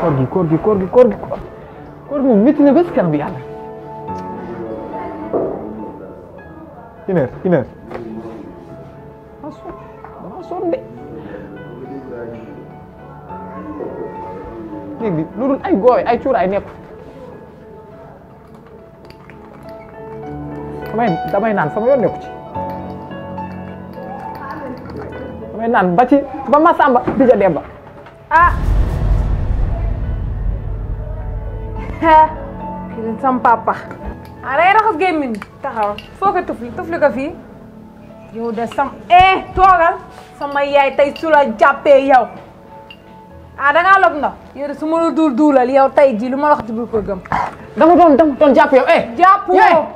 koor gi koor gi koor gi koor gi koor gi moom métti na ba si kanam yàlla. de. léegi lu dul ay gooy ay cuuraay nekk. damay naan sama yoon nekku ci. damay naan ba ci ba Masamba di ja Demba ah! kii sam papa ah day raxas gémmiñ taxaw foo ko tufli tufli ko fii yow de sam eh toogal sama yaay tey su la jàppee yow ah da ngaa lob ndox yow de su ma la duul duulal yow tey ji lu ma la wax ci biir ko gëm dama doon dama doon jàpp yow eh, eh. eh jàpp yow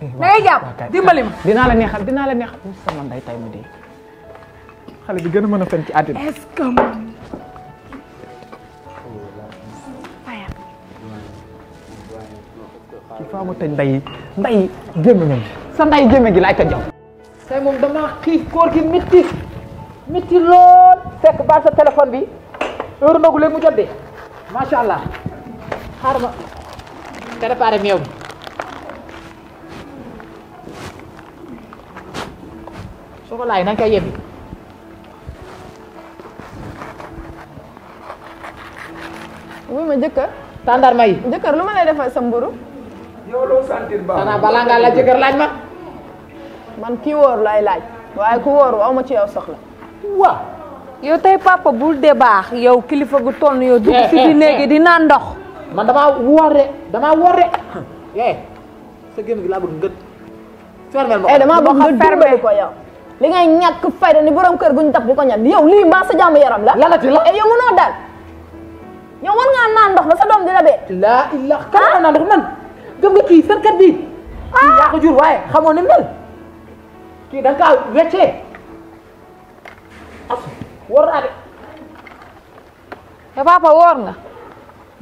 da ngay jàpp dimbali dinaa la neexal dinaa la neexal sama nday tay mu dee xale bi gën a mën a fen ci àddina il faut ma tëj nday nday gémmiñam sa nday gémmiñ gi laay tëj yow tey moom damaa xiif koor gi métti métti lool fekk baal sa téléphone bi heure ndogu léegi mu jot de macha allah xaaral ma préparé meew bi chocolat yi na nga koy yebbi wuy ma jëkkër tàndarma yi jëkkër lu ma sa mburu yow loo sentir baax laaj jëkkër laaj ma. man kii wóor lay laaj waaye ku wóor aw ma ci yow soxla. waaw yow tey papa bul de baax yow kilifa gu toll yow. dugg eh, si eh, di néegi eh. di naan ndox. man damaa woor de damaa woor de. eh sa génn gi laa nga. fermeel ma ko damaa bëgg nga dimbali ko li ngay ñàkk fayda ni borom kër guñ dab di ko ñan yow lii mbaa sa jàmm yaram la. lanati la yow mënoo daal. yow war ngaa naan ndox sa doom di la bee. laa illah kan man. gëm nga kii fenkat bi ah! kii yaa ko jur waaye xamoo ne mel kii da nga kaa weccee as war naa de te eh, papa woor nga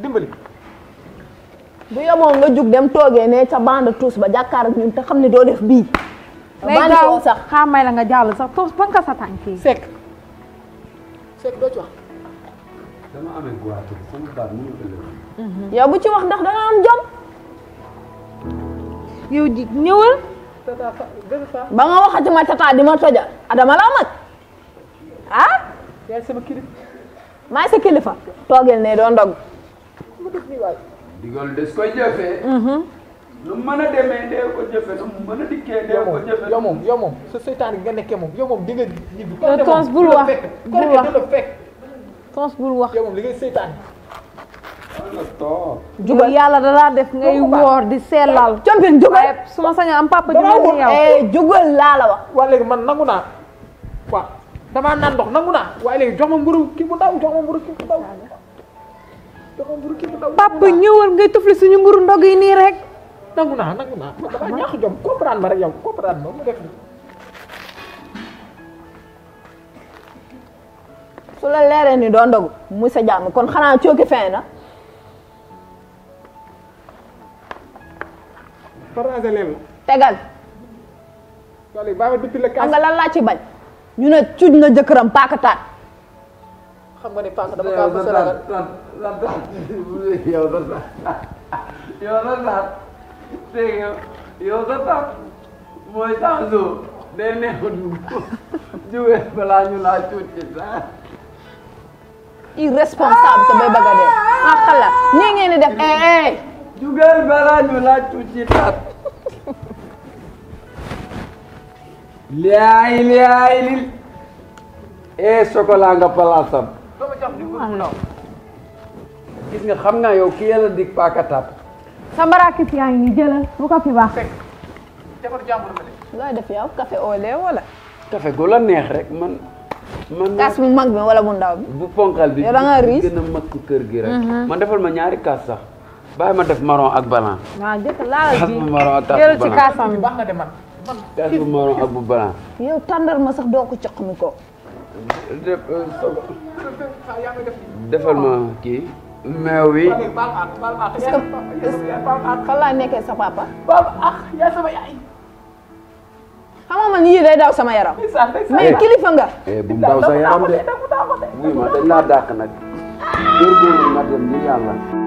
dimbali bu yemoon nga jug dem toogee ne ca bande tous ba jàkkaar ak ñun te xam ne doo def bii bande tous sax xaa may la nga jàll sa tous ba sa tànk yi sekk sekk wax dama bu ci wax ndax danga jom yow ji ñëwal. ba nga waxati ma tata di ma toja adama laa mag ah. yaay sama kilifa. maa sa kilifa. toogel ne doon des koy jëfee. Mm-hmm. lu mën a demee dee ko a dikkee dee ko jëfee. yow moom yow moom sa seytaan bul wax bul bul wax jugal yàlla dalaa def ngay woor di sellal. Eh, compil jugal waaye su ma sañoon am papa jugal ni eh, man nangu naa waaw damaa naan naa waaye léegi jox ma ñëwal ngay tufli suñu mburu ndog yi nii rek. nangu naa nangu naa damaa ñàkk jom comprendre ma rek yow comprendre ma ma def su la leeree ni doo ndogu muy sa jàmm kon xanaa cooki fey na. partage leen la. tegal. wala lan laa ci bañ. ñu ne cuuj na jëkkëram paakataan. nga ne paaka dama kaa mos a ragal. yow lan la yow sa tax mooy tax suuf day neex a dugg balaa ñu laa cuuj ci sax. irresponsable te bay bëgg a dee. ah xalaat ñii ngeen di def eh, eh. jugal balaa ñu laaj tuuti taat. liay liay lil. eh chocolat nga palaasam. gis nga xam naa yow ki yàlla dig paaka taat. sambara kit yaa ngi nii jëlal bu ko fi baax. looy def yow café au lait wala. café gu la neex rek man. man kaas bu mag bi wala bu ndaw bi. bu ponkal bi yow da nga riis gën a mag kër gi rek. Mhm. man defal ma ñaari kaas sax. bàyyi ma def marron ak blanc. waaw jëkkër laal ji marron ak taas bu blanc ak bu blanc. yow tàndar ma sax doo ko jox mi ko. Euh, defal ma kii. meew wi. est laa nekkee sa papa. baal ah, sama yaay. xamoo man yii day daw sama yaram. mais kilifa nga. Eh, bu daw sa yaram de. ma dañ laa dàq nag. góor góor na dem ni